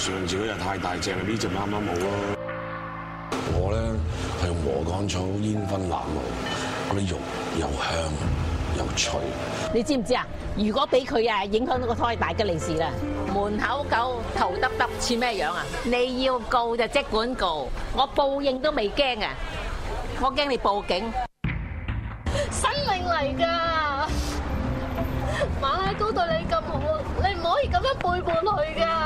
上次嗰隻太大隻，呢隻啱啱好咯。我咧係用禾杆草煙燻臘肉，嗰啲肉又香又脆。你知唔知啊？如果俾佢啊影響到個胎，大吉利是啦。門口狗頭耷耷似咩樣啊？你要告就即管告，我報應都未驚啊！我驚你報警。生命嚟㗎，馬拉糕對你咁好，你唔可以咁樣背叛佢㗎。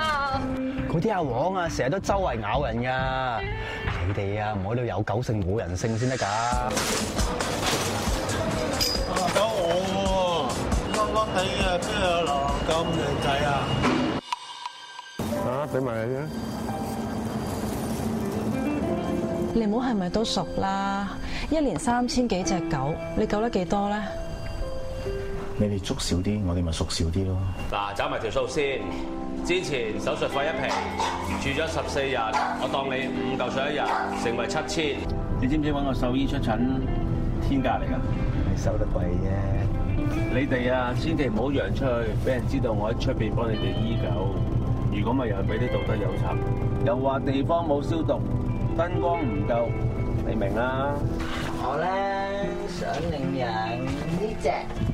啲阿黃啊，成日都周圍咬人噶，你哋啊，唔好要有狗性冇人性先得噶。狗我，笠笠地啊，邊有狼咁靚仔啊？啊，俾埋你啊！你唔好係咪都熟啦？一年三千幾隻狗，你救得幾多咧？你哋捉少啲，我哋咪熟少啲咯。嗱，走埋條數先。之前手術費一皮，住咗十四日，我當你五嚿水一日，成為七千。你知唔知搵個獸醫出診？天價嚟噶，你收得貴啫。你哋啊，千祈唔好揚出去，俾人知道我喺出面幫你哋醫狗。如果咪又俾啲道德有仇，又話地方冇消毒，燈光唔夠，你明啦。我咧想領養呢隻。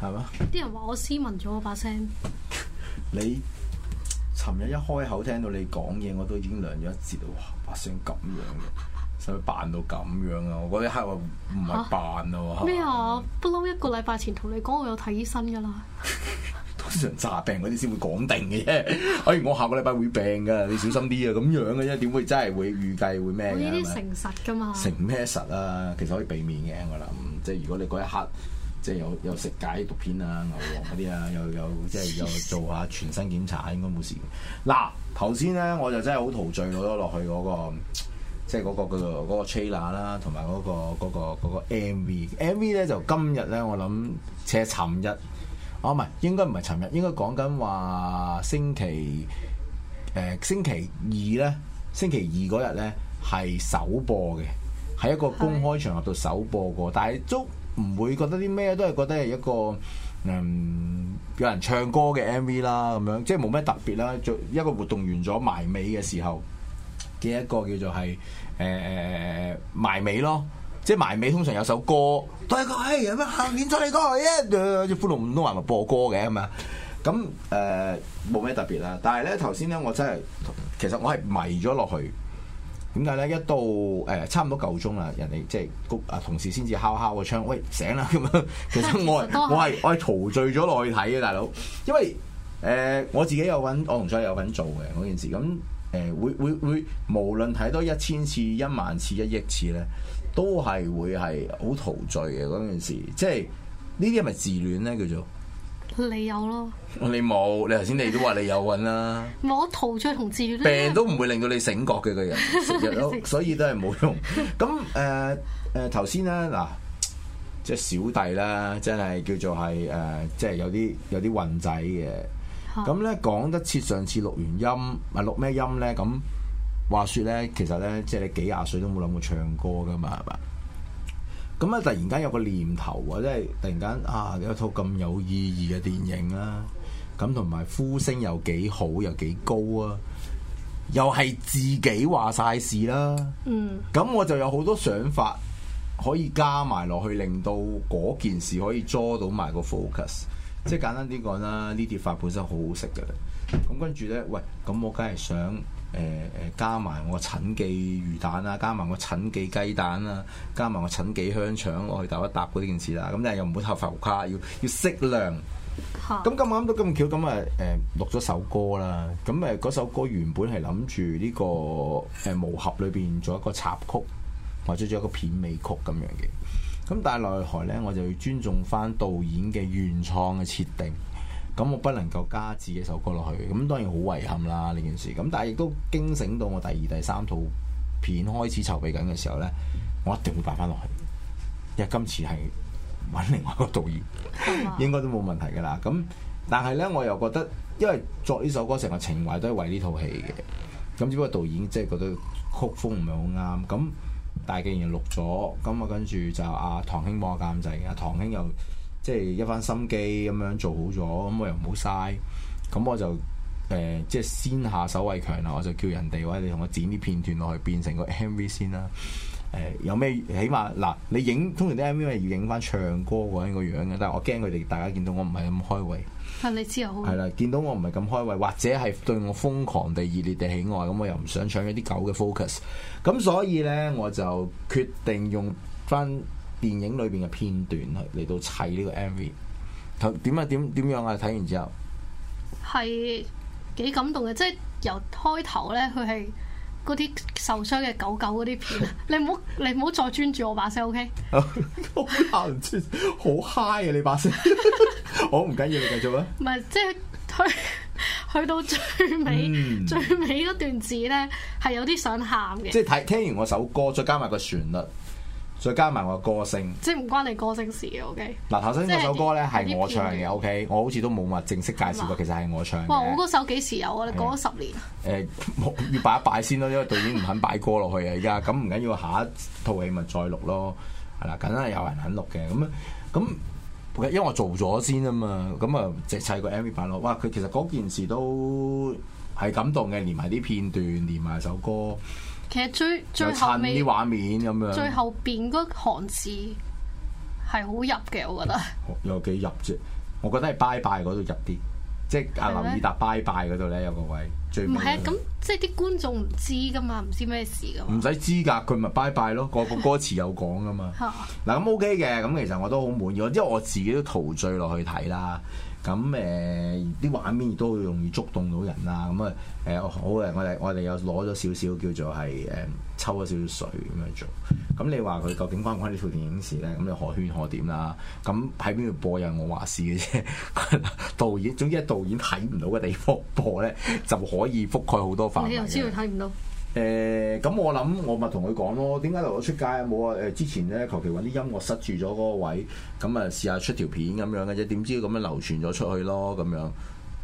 係嘛？啲人話我斯文咗，我把聲。你尋日一開口聽到你講嘢，我都已經涼咗一截啦！把聲咁樣嘅，使唔使扮到咁樣啊？我嗰一刻話唔係扮咯咩啊？不嬲、啊啊、 一個禮拜前同你講我有睇醫生噶啦。 通常詐病嗰啲先會講定嘅啫。哎，我下個禮拜會病噶，你小心啲啊！咁樣嘅，啫。為點會真係會預計會咩呢啲誠實噶嘛？誠咩實啊？其實可以避免嘅我諗，即係如果你嗰一刻。即係有又食解毒片啊、牛黃嗰啲啊，又有、有，即係又做下全身檢查，應該冇事。嗱，頭先咧，我就真係好陶醉，攞咗落去嗰、嗰個，即係嗰、嗰個叫做嗰個 trailer 啦、嗰個，同埋嗰個嗰、嗰個 MV。MV 咧就今日咧，我諗其實尋日，哦，唔係，應該唔係尋日，應該講緊話星期誒星期二咧，星期二嗰日咧係首播嘅，喺一個公開場合度首播過，的但係都。唔會覺得啲咩，都係覺得係一個，嗯，有人唱歌嘅 MV 啦，咁樣即係冇咩特別啦。做一個活動完咗埋尾嘅時候，嘅一個叫做係誒、呃、埋尾咯，即係埋尾通常有首歌都係個嘿有咩下面再嚟講，咦好似歡樂五都話咪播歌嘅咁樣，咁誒冇咩特別啦。但係咧，頭先咧，我真係其實我係迷咗落去。點解咧？一到誒、哎、差唔多夠鐘啦，人哋即係個啊同事先至敲敲個窗，喂醒啦咁樣。其實我係我係我係陶醉咗落去睇嘅大佬，因為誒、呃、我自己有份，我同所有有份做嘅嗰件事。咁、呃、誒會會會，無論睇多一千次、一萬次、一億次咧，都係會係好陶醉嘅嗰件事。即係呢啲係咪自戀咧？叫做？你有咯 你有？你冇？你頭先你都話你有運啦。冇逃罪同自願病都唔會令到你醒覺嘅個人，成日都所以都係冇用。咁誒誒頭先咧嗱，即係小弟啦，真係叫做係誒、呃，即係有啲有啲混仔嘅。咁咧講得切，上次錄完音，咪錄咩音咧？咁話說咧，其實咧，即係你幾廿歲都冇諗過唱歌噶嘛？係咪？咁啊！突然間有個念頭，或者係突然間啊，有一套咁有意義嘅電影啦、啊。咁同埋呼聲又幾好，又幾高啊！又係自己話晒事啦、啊。嗯。咁我就有好多想法可以加埋落去，令到嗰件事可以捉到埋個 focus。即係簡單啲講啦，呢啲法本身好好食噶啦。咁跟住呢，喂，咁我梗係想。誒誒加埋我陳記魚蛋啊，加埋我陳記雞蛋啊，加埋我陳記香腸，我去搭一搭嗰啲件事啦。咁但係又唔好浮誇，要要適量。咁咁啱都咁巧，咁啊誒錄咗首歌啦。咁誒嗰首歌原本係諗住呢個誒無盒裏邊做一個插曲，或者做一個片尾曲咁樣嘅。咁、嗯、但係奈何呢，我就要尊重翻導演嘅原創嘅設定。咁我不能夠加自己首歌落去，咁當然好遺憾啦呢件事。咁但係亦都驚醒到我第二、第三套片開始籌備緊嘅時候呢，我一定會擺翻落去。因為今次係揾另外一個導演， 應該都冇問題㗎啦。咁但係呢，我又覺得，因為作呢首歌成個情懷都係為呢套戲嘅。咁只不過導演即係覺得曲風唔係好啱。咁但係既然錄咗，咁啊跟住就阿唐兄幫我監製，阿、啊、唐兄又。即係一番心機咁樣做好咗，咁我又唔好嘥，咁我就誒、呃、即係先下手為強啦，我就叫人哋話你同我剪啲片段落去變成個 MV 先啦。誒、呃、有咩起碼嗱，你影通常啲 MV 係要影翻唱歌嗰陣個樣嘅，但係我驚佢哋大家見到我唔係咁開胃。係你知又好。係啦，見到我唔係咁開胃，或者係對我瘋狂地熱烈地喜愛，咁我又唔想搶一啲狗嘅 focus。咁所以呢，我就決定用翻。電影裏邊嘅片段嚟到砌呢個 M V。頭點啊點點樣啊？睇完之後係幾感動嘅，即係由開頭咧，佢係嗰啲受傷嘅狗狗嗰啲片， 你唔好你唔好再專注我把聲 O K，好難專注，好 high 嘅、啊、你把聲，我唔緊要你繼續啦，唔係即係去去到最尾，嗯，最尾嗰段字咧，係有啲想喊嘅，即係睇聽完我首歌，再加埋個旋律。再加埋我嘅歌聲，即係唔關你歌聲事嘅。O K。嗱，頭先嗰首歌咧係我唱嘅。O、okay? K，我好似都冇話正式介紹過，嗎其實係我唱嘅。哇！我嗰首幾時有啊？你講咗十年。誒、啊呃，要擺一擺先咯， 因為導演唔肯擺歌落去啊。而家咁唔緊要，下一套戲咪再錄咯。係啦、啊，梗係有人肯錄嘅。咁咁，因為我做咗先啊嘛。咁啊，直砌個 M V 拍落。哇！佢其實嗰件事都係感動嘅，連埋啲片段，連埋首歌。其實最最後尾，畫面咁樣最後邊嗰行字係好入嘅，我覺得。 有幾入啫？我覺得係拜拜嗰度入啲，即係阿林以達拜拜嗰度咧有個位嗎最。唔係啊，咁即係啲觀眾唔知噶嘛，唔知咩事噶。唔使知噶，佢咪拜拜咯，個個歌詞有講噶嘛。嗱咁 OK 嘅，咁其實我都好滿意，因為我自己都陶醉落去睇啦。咁誒啲畫面亦都好容易觸動到人啦、啊，咁啊誒好嘅，我哋我哋又攞咗少少叫做係誒、嗯、抽咗少少水咁樣做。咁、嗯、你話佢究竟關唔關呢套電影事咧？咁你可圈可點啦。咁喺邊度播又係我話事嘅啫。 導演總之，係導演睇唔到嘅地方播咧，就可以覆蓋好多範。你又知佢睇唔到。誒咁我諗我咪同佢講咯，點解留咗出街啊？冇啊！誒之前咧求其揾啲音樂塞住咗嗰個位，咁啊試下出條片咁樣嘅啫，點知咁樣流傳咗出去咯咁樣，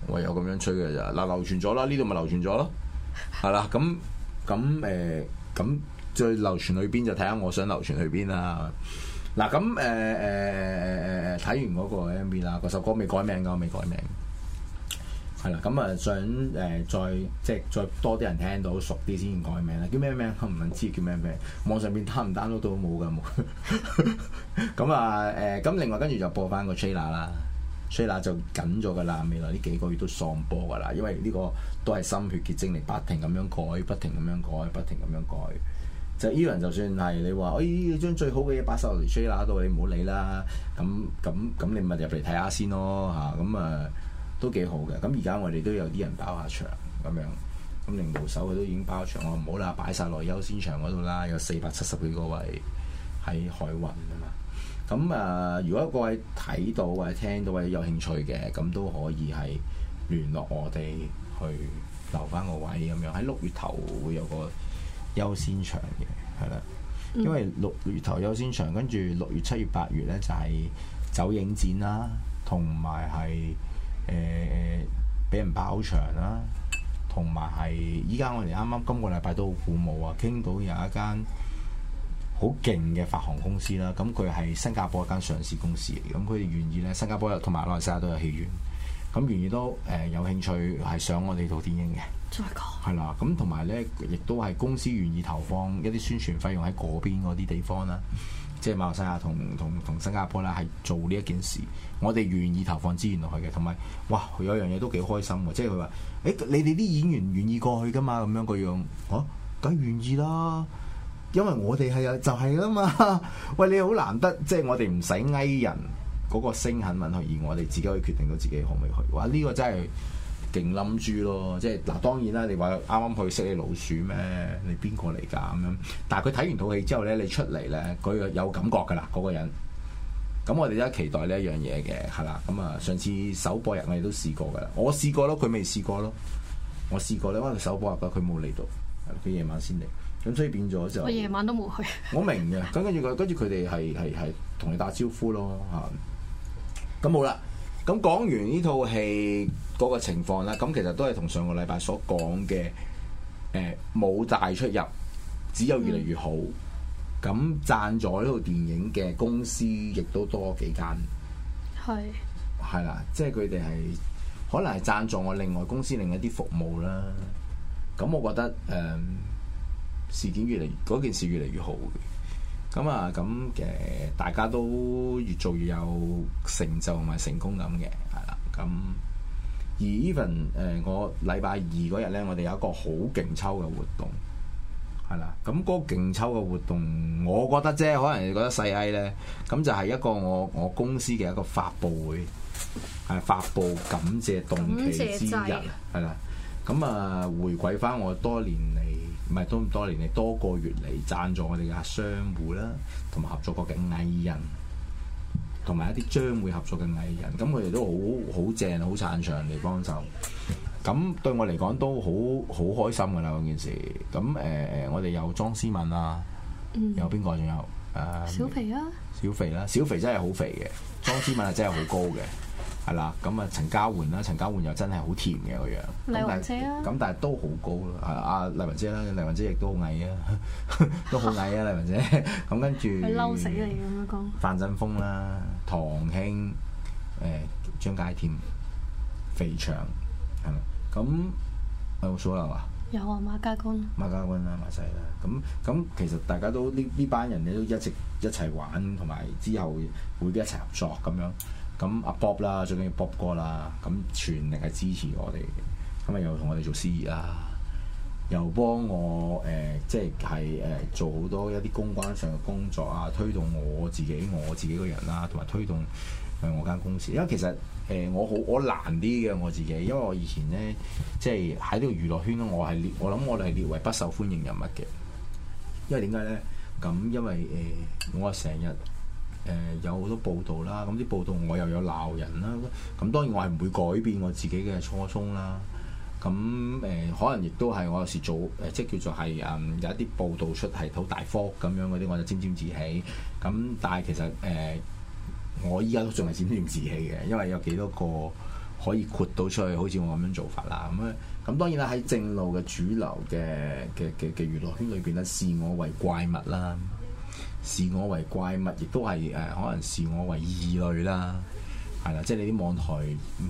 唯有咁樣吹嘅咋。嗱流傳咗啦，呢度咪流傳咗咯，係啦。咁咁誒咁再流傳去邊就睇下我想流傳去邊啦。嗱咁誒誒誒誒誒睇完嗰個 MV 啦，嗰首歌未改名㗎，未改名。係啦，咁啊、嗯、想誒、呃、再即係再多啲人聽到熟啲先改名啦，叫咩名我唔知叫咩名，網上面 down 唔 down 都都冇㗎，咁啊誒，咁、 嗯嗯嗯嗯嗯、另外跟住就播翻個 trailer 啦，trailer 就緊咗㗎啦，未來呢幾個月都喪播㗎啦，因為呢個都係心血結晶嚟，不停咁樣改，不停咁樣改，不停咁樣改，改，就呢輪就算係你話，誒要將最好嘅嘢擺晒落嚟 trailer 度，你唔好理啦，咁咁咁你咪入嚟睇下先咯，嚇咁啊～啊啊都幾好嘅。咁而家我哋都有啲人包下場咁樣，咁零號手佢都已經包場。我唔好啦，擺晒落優先場嗰度啦。有四百七十幾個位喺海運啊嘛。咁啊、呃，如果各位睇到或者聽到或者有興趣嘅，咁都可以係聯絡我哋去留翻個位咁樣。喺六月頭會有個優先場嘅，係啦，因為六月頭優先場，跟住六月、七月、八月呢，就係、是、走影展啦，同埋係。誒俾、呃、人爆場啦、啊，同埋係依家我哋啱啱今個禮拜都好鼓舞啊，傾到有一間好勁嘅發行公司啦、啊，咁佢係新加坡一間上市公司，咁佢哋願意咧新加坡同埋印尼西亞都有戲院，咁、嗯、願意都誒有、呃、有興趣係上我哋套電影嘅，再講，係啦，咁同埋咧亦都係公司願意投放一啲宣傳費用喺嗰邊嗰啲地方啦、啊。即係馬來西亞同同同新加坡啦，係做呢一件事，我哋願意投放資源落去嘅。同埋，哇，佢有樣嘢都幾開心嘅，即係佢話：，誒，你哋啲演員願意過去㗎嘛？咁樣個樣，嚇，梗係願意啦，因為我哋係啊，就係啊嘛。喂，你好難得，即係我哋唔使翳人嗰個聲響問題，而我哋自己可以決定到自己可唔可以去。哇！呢個真係～勁冧豬咯，即係嗱、啊，當然啦！你話啱啱去識你老鼠咩？你邊個嚟㗎咁樣？但係佢睇完套戲之後咧，你出嚟咧，佢有感覺㗎啦，嗰個人。咁我哋都期待呢一樣嘢嘅，係啦。咁、嗯、啊，上次首播日我哋都試過㗎啦，我試過咯，佢未試過咯。我試過咧，因為首播日佢冇嚟到，佢夜晚先嚟，咁所以變咗就我夜晚都冇去。 我明嘅，咁跟住佢，跟住佢哋係係係同你打招呼咯嚇。咁冇啦。咁講完呢套戲嗰個情況啦，咁其實都係同上個禮拜所講嘅，呃、冇大出入，只有越嚟越好。咁贊助呢套電影嘅公司亦都多幾間，係係啦，即係佢哋係可能係贊助我另外公司，另一啲服務啦。咁我覺得誒、呃、事件越嚟嗰件事越嚟越好。咁啊，咁誒、嗯嗯，大家都越做越有成就同埋成功感嘅，係啦，咁而 even 誒，我禮拜二嗰日咧，我哋有一個好勁抽嘅活動，係啦，咁個勁抽嘅活動，我覺得啫，可能你覺得細翳咧，咁就係一個我我公司嘅一個發布會，係發布感謝動其之人，係啦，咁啊回饋返我多年嚟，唔係多咁多年嚟，多個月嚟贊助我哋嘅商戶啦，同埋合作過嘅藝人，同埋一啲將會合作嘅藝人，咁佢哋都好好正，好鏹場嚟幫手。咁對我嚟講都好好開心㗎啦！嗰件事咁誒、呃、我哋有莊思敏啊，嗯、有邊個仲有？誒、uh, 小,啊、小肥啊，小肥啦，小肥真係好肥嘅，莊思敏係真係好高嘅。係啦，咁啊，陳嘉媛啦，陳嘉媛又真係好甜嘅個樣。黎雲姐啊，咁但係都好高啦，阿黎雲姐啦，黎雲姐亦都好矮啊， 都好矮啊黎雲 姐。咁跟住，佢嬲死你嘅。咁樣講。范振峰啦，唐興，誒、欸、張佳豔，肥腸，係啦，咁有冇數啦嘛？有啊，馬家軍。馬家軍啦、啊，埋晒啦。咁咁其實大家都呢呢班人你都一直一齊玩，同埋之後會一齊合作咁樣。咁阿、啊、Bob 啦，最緊要 Bob 哥啦，咁全力係支持我哋，咁啊又同我哋做司儀啦，又幫我誒，即係誒做好多一啲公關上嘅工作啊，推動我自己我自己個人啦，同埋推動誒我間公司。因為其實誒、呃、我好我難啲嘅我自己，因為我以前咧即係喺呢、就是、個娛樂圈咧，我係我諗我哋係列為不受歡迎人物嘅。因為點解咧？咁因為誒、呃，我成日。誒、呃、有好多報道啦，咁、嗯、啲報道我又有鬧人啦，咁、嗯、當然我係唔會改變我自己嘅初衷啦。咁、嗯、誒、呃、可能亦都係我有時做誒，即、呃、係叫做係誒、嗯、有一啲報道出係好大伏咁樣嗰啲，我就沾沾自喜。咁、嗯、但係其實誒、呃、我依家都仲係沾沾自喜嘅，因為有幾多個可以豁到出去，好似我咁樣做法啦。咁、嗯、咁、嗯嗯、當然啦，喺正路嘅主流嘅嘅嘅嘅娛樂圈裏邊咧，視我為怪物啦。視我為怪物，亦都係誒、呃，可能視我為異類啦，係啦，即係你啲網台，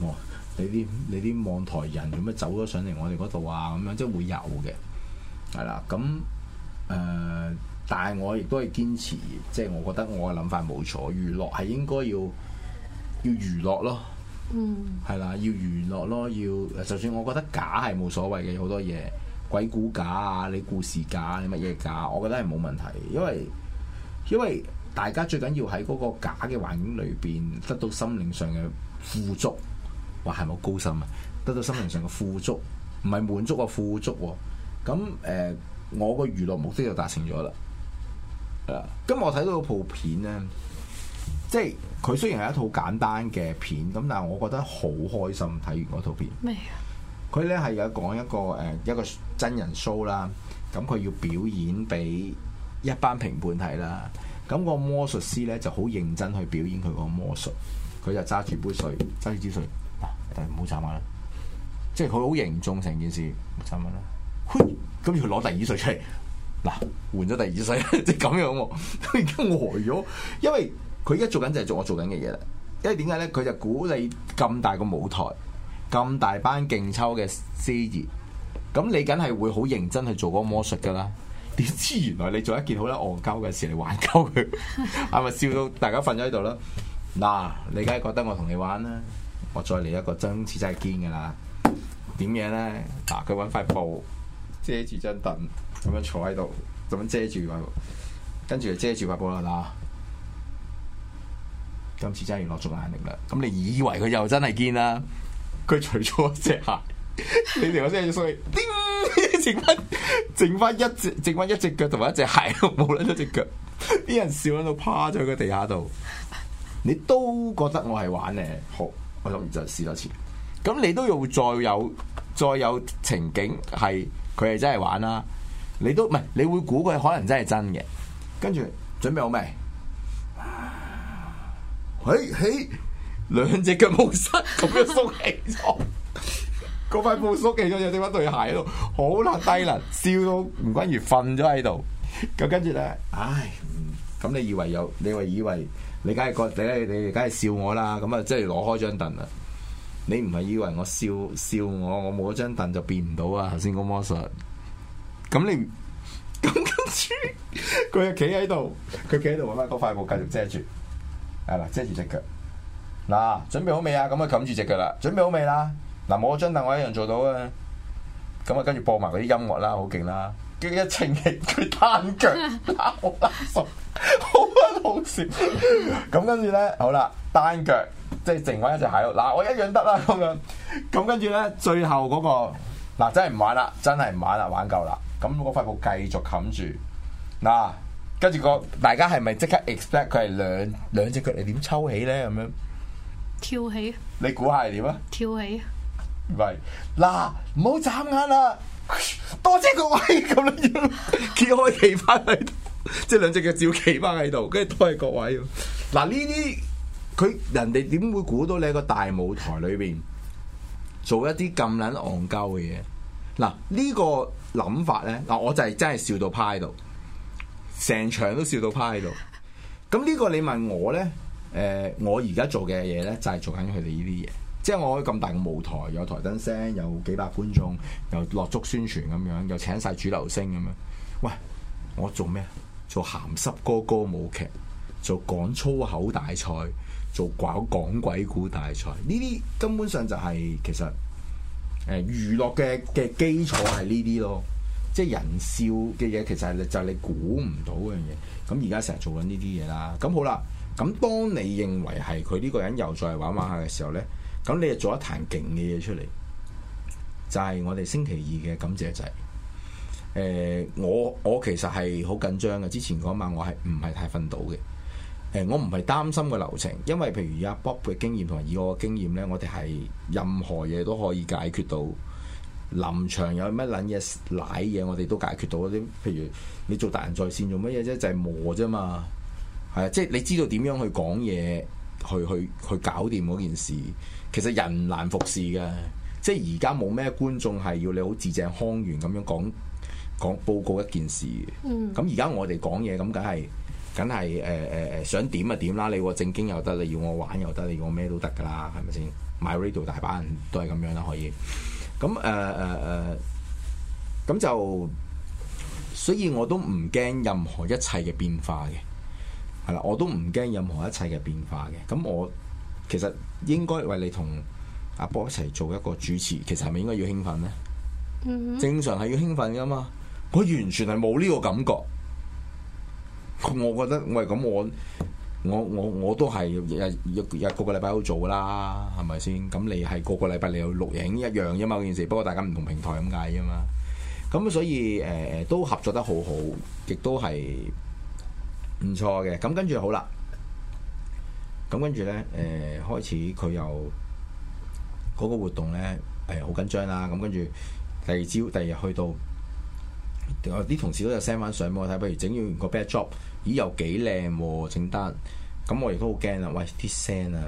網你啲你啲網台人咁樣走咗上嚟我哋嗰度啊，咁樣即係會有嘅，係啦，咁誒、呃，但係我亦都係堅持，即係我覺得我嘅諗法冇錯，娛樂係應該要要娛樂咯，嗯，係啦，要娛樂咯，要就算我覺得假係冇所謂嘅，好多嘢鬼故假啊，你故事假，你乜嘢假，我覺得係冇問題，因為。因為大家最緊要喺嗰個假嘅環境裏邊得到心靈上嘅富足，哇，係咪高深啊！得到心靈上嘅富足，唔係滿足啊，富足，啊。咁誒、呃，我個娛樂目的就達成咗啦。啊！我睇到部片呢，即係佢雖然係一套簡單嘅片，咁但係我覺得好開心睇完嗰套片。咩啊麼？佢呢係有講一個誒、呃、一個真人 show 啦、啊，咁佢要表演俾。一班評判睇啦，咁個魔術師咧就好認真去表演佢個魔術，佢就揸住杯水，揸住支水，嗱，但係唔好眨眼啦，即係佢好凝重成件事，冇眨眼啦，咁要攞第二水出嚟，嗱，換咗第二支水，即係咁樣喎，佢而家呆咗，因為佢而家做緊就係做我做緊嘅嘢啦，因為點解咧？佢就鼓你咁大個舞台，咁大班勁抽嘅師業，咁你梗係會好認真去做嗰個魔術噶啦。點知原來你做一件好啦，戇鳩嘅事嚟玩鳩佢，啊咪笑到大家瞓咗喺度啦！嗱、 啊，你梗係覺得我同你玩啦，我再嚟一個，今次真係堅噶啦。點樣咧？嗱，佢搵塊布遮住張凳，咁樣坐喺度，咁樣遮住佢，跟住就遮住塊布啦。嗱，今次真係用落足眼力啦。咁你以為佢又真係堅啦？佢除咗一隻鞋，你哋我真係衰。剩翻剩翻一隻，剩翻一隻腳同埋一隻鞋，冇甩一隻腳，啲人笑喺度趴咗喺個地下度。你都覺得我係玩咧，好，我諗就試多次。咁你都要再有，再有情景係佢係真係玩啦。你都唔係，你會估佢可能真係真嘅。跟住準備好未？誒嘿，兩隻腳冇失，咁樣縮起咗。 嗰塊布縮起咗，又整翻對鞋喺度，好冷低啦，笑到唔關如瞓咗喺度。咁 跟住咧，唉，咁、嗯、你以為有？你話以為,以為你梗係覺你你梗係笑我啦。咁啊，即係攞開張凳啦。你唔係以為我笑笑我，我冇咗張凳就變唔到啊？頭先個魔術。咁你，咁跟住佢 就企喺度，佢企喺度啊嘛，嗰塊布繼續遮住。係、嗯、啦，遮住隻腳。嗱，準備好未啊？咁啊，冚住隻腳啦。準備好未啦？嗱，冇張凳我一樣做到嘅。咁啊跟住播埋嗰啲音樂啦，好勁啦，跟住一成日佢單腳好垃圾，好屈 好笑。咁跟住咧，好啦，單腳即係剩翻一隻鞋咯。嗱，我一樣得啦咁樣。咁跟住咧，最後嗰、嗰個嗱真係唔玩啦，真係唔玩啦，玩夠啦。咁嗰塊布繼續冚住嗱，跟住、嗰個大家係咪即刻 expect 佢係兩兩隻腳嚟點抽起咧？咁樣跳起，你估下係點啊？跳起。唔係嗱，唔好眨眼啦，多謝各位咁樣，揭 開企翻喺，即係兩隻腳照企翻喺度，跟住都係各位。嗱呢啲佢人哋點會估到你喺個大舞台裏邊做一啲咁撚戇鳩嘅嘢？嗱、這個、呢個諗法咧，嗱我就係真係笑到趴喺度，成場都笑到趴喺度。咁呢個你問我咧，誒、呃，我而家做嘅嘢咧，就係、是、做緊佢哋呢啲嘢。即係我可以咁大個舞台，有台燈聲，有幾百觀眾，又落足宣傳咁樣，又請晒主流星咁樣。喂，我做咩？做鹹濕歌歌舞劇，做講粗口大賽，做搞講鬼故大賽。呢啲根本上就係其實誒娛樂嘅、嘅基礎係呢啲咯。即係人笑嘅嘢，其實係就係你估唔到嘅樣嘢。咁而家成日做緊呢啲嘢啦。咁好啦，咁當你認為係佢呢個人又再玩玩下嘅時候咧？咁你就做一壇勁嘅嘢出嚟，就係、是、我哋星期二嘅感謝祭。誒、呃，我我其實係好緊張嘅，之前嗰晚我係唔係太瞓到嘅。誒、呃，我唔係擔心個流程，因為譬如阿、啊、Bob 嘅經驗同埋以我嘅經驗呢，我哋係任何嘢都可以解決到。臨場有乜捻嘢瀨嘢，奶奶我哋都解決到。啲譬如你做達仁在線做乜嘢啫，就係、是、磨啫嘛。係啊，即係你知道點樣去講嘢。去去去搞掂嗰件事，其實人難服侍嘅，即係而家冇咩觀眾係要你好字正腔圓咁樣講講報告一件事。嗯，咁而家我哋講嘢咁，梗係梗係誒誒誒，想點就點啦，你話正經又得，你要我玩又得，你要我咩都得噶啦，係咪先？MyRadio 大把人都係咁樣啦，可以。咁誒誒誒，咁、呃、就、呃呃，所以我都唔驚任何一切嘅變化嘅。係啦， 我都唔驚任何一切嘅變化嘅。咁我其實應該為你同阿波一齊做一個主持，其實係咪應該要興奮呢？Mm-hmm. 正常係要興奮噶嘛？我完全係冇呢個感覺。我覺得喂，我係咁，我我我我都係日日日個個禮拜都做啦，係咪先？咁你係個個禮拜你又錄影一樣啫嘛，件事。不過大家唔同平台咁解啫嘛。咁所以誒、呃、都合作得好好，亦都係。唔錯嘅，咁跟住好啦，咁跟住咧，誒、呃、開始佢又嗰、那個活動咧，誒、哎、好緊張啦，咁跟住第二朝第二日去到，有、哦、啲同事都有 send 翻上網睇，不如整完個 backdrop，咦又幾靚喎整單，咁我亦都好驚啦，喂啲聲啊，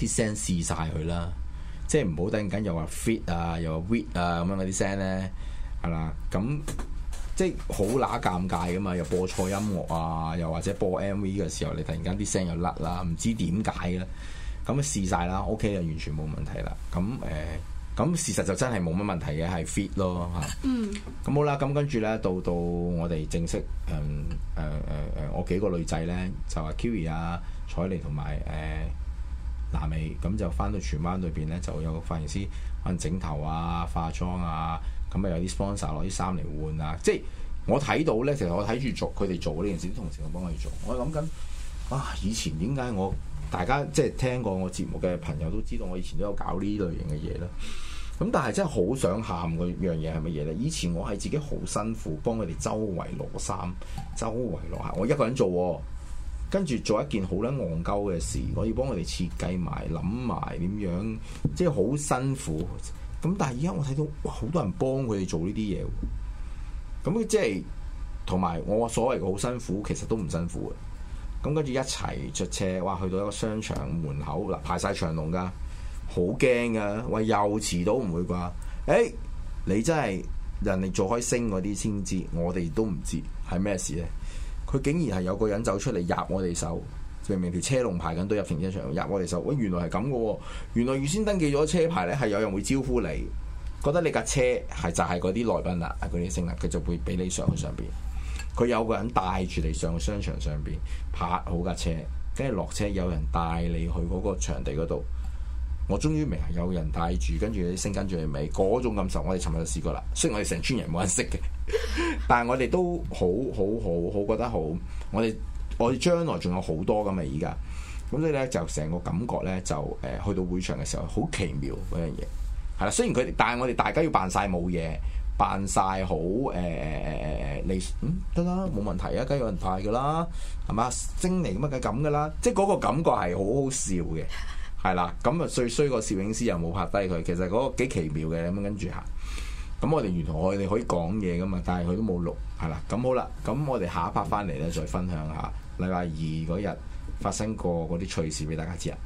啲聲試晒佢啦，即係唔好等緊又話 fit 啊，又話 weed 啊咁樣嗰啲聲咧、啊，係啦，咁。即係好乸尷尬嘅嘛，又播錯音樂啊，又或者播 MV 嘅時候，你突然間啲聲又甩啦，唔知點解咧。咁啊試晒啦，OK 就完全冇問題啦。咁誒，咁、呃、事實就真係冇乜問題嘅，係 fit 咯嚇、嗯嗯。嗯。咁好啦，咁跟住咧，到到我哋正式誒誒誒誒，我幾個女仔咧就話 Kiri 啊、彩玲同埋誒南美，咁就翻到荃灣裏邊咧，就有個髮型師可能整頭啊、化妝啊。咁啊、嗯、有啲 sponsor 攞啲衫嚟換啊！即係我睇到呢，其實我睇住做佢哋做呢件事，同時我幫佢做。我諗緊，啊以前點解我大家即係聽過我節目嘅朋友都知道我以前都有搞呢類型嘅嘢咧。咁但係真係好想喊嗰樣嘢係乜嘢呢？以前我係自己好辛苦幫佢哋周圍攞衫、周圍攞鞋，我一個人做，跟住做一件好撚戇鳩嘅事，我要幫佢哋設計埋、諗埋點樣，即係好辛苦。咁但係而家我睇到哇，好多人幫佢哋做呢啲嘢，咁、嗯、佢即係同埋我所謂好辛苦，其實都唔辛苦嘅。咁跟住一齊出車，哇，去到一個商場門口嗱，排晒長龍㗎，好驚㗎，話又遲到唔會啩？誒、欸，你真係人哋做開星嗰啲先知，我哋都唔知係咩事呢？佢竟然係有個人走出嚟入我哋手。明明條車龍排緊隊入停車場，入我哋時候，喂，原來係咁嘅，原來預先登記咗車牌咧，係有人會招呼你，覺得你架車係就係嗰啲來賓啦，嗰啲星啦，佢就會俾你上去上邊。佢有個人帶住你上商場上邊泊好架車，跟住落車有人帶你去嗰個場地嗰度。我終於明係有人帶住，跟住你升緊住尾嗰種感受，我哋尋日就試過啦。雖然我哋成村人冇人識嘅，但係我哋都好好好好覺得好，我哋。我哋將來仲有好多咁嘛。而家咁所以咧，就成個感覺咧，就誒、呃、去到會場嘅時候，好奇妙嗰樣嘢係啦。雖然佢，但係我哋大家要扮晒冇嘢，扮晒好誒誒誒誒嚟嗯得啦，冇問題啊，梗有人派㗎啦，係嘛，精嚟乜啊，梗係咁㗎啦。即係嗰個感覺係好好笑嘅，係啦。咁、嗯、啊，最衰個攝影師又冇拍低佢，其實嗰個幾奇妙嘅咁、嗯、跟住行。咁我哋原來我哋可以講嘢㗎嘛，但係佢都冇錄係啦。咁、嗯、好啦，咁我哋下一 part 翻嚟咧再分享下。禮拜二嗰日發生過嗰啲趣事畀大家知啊！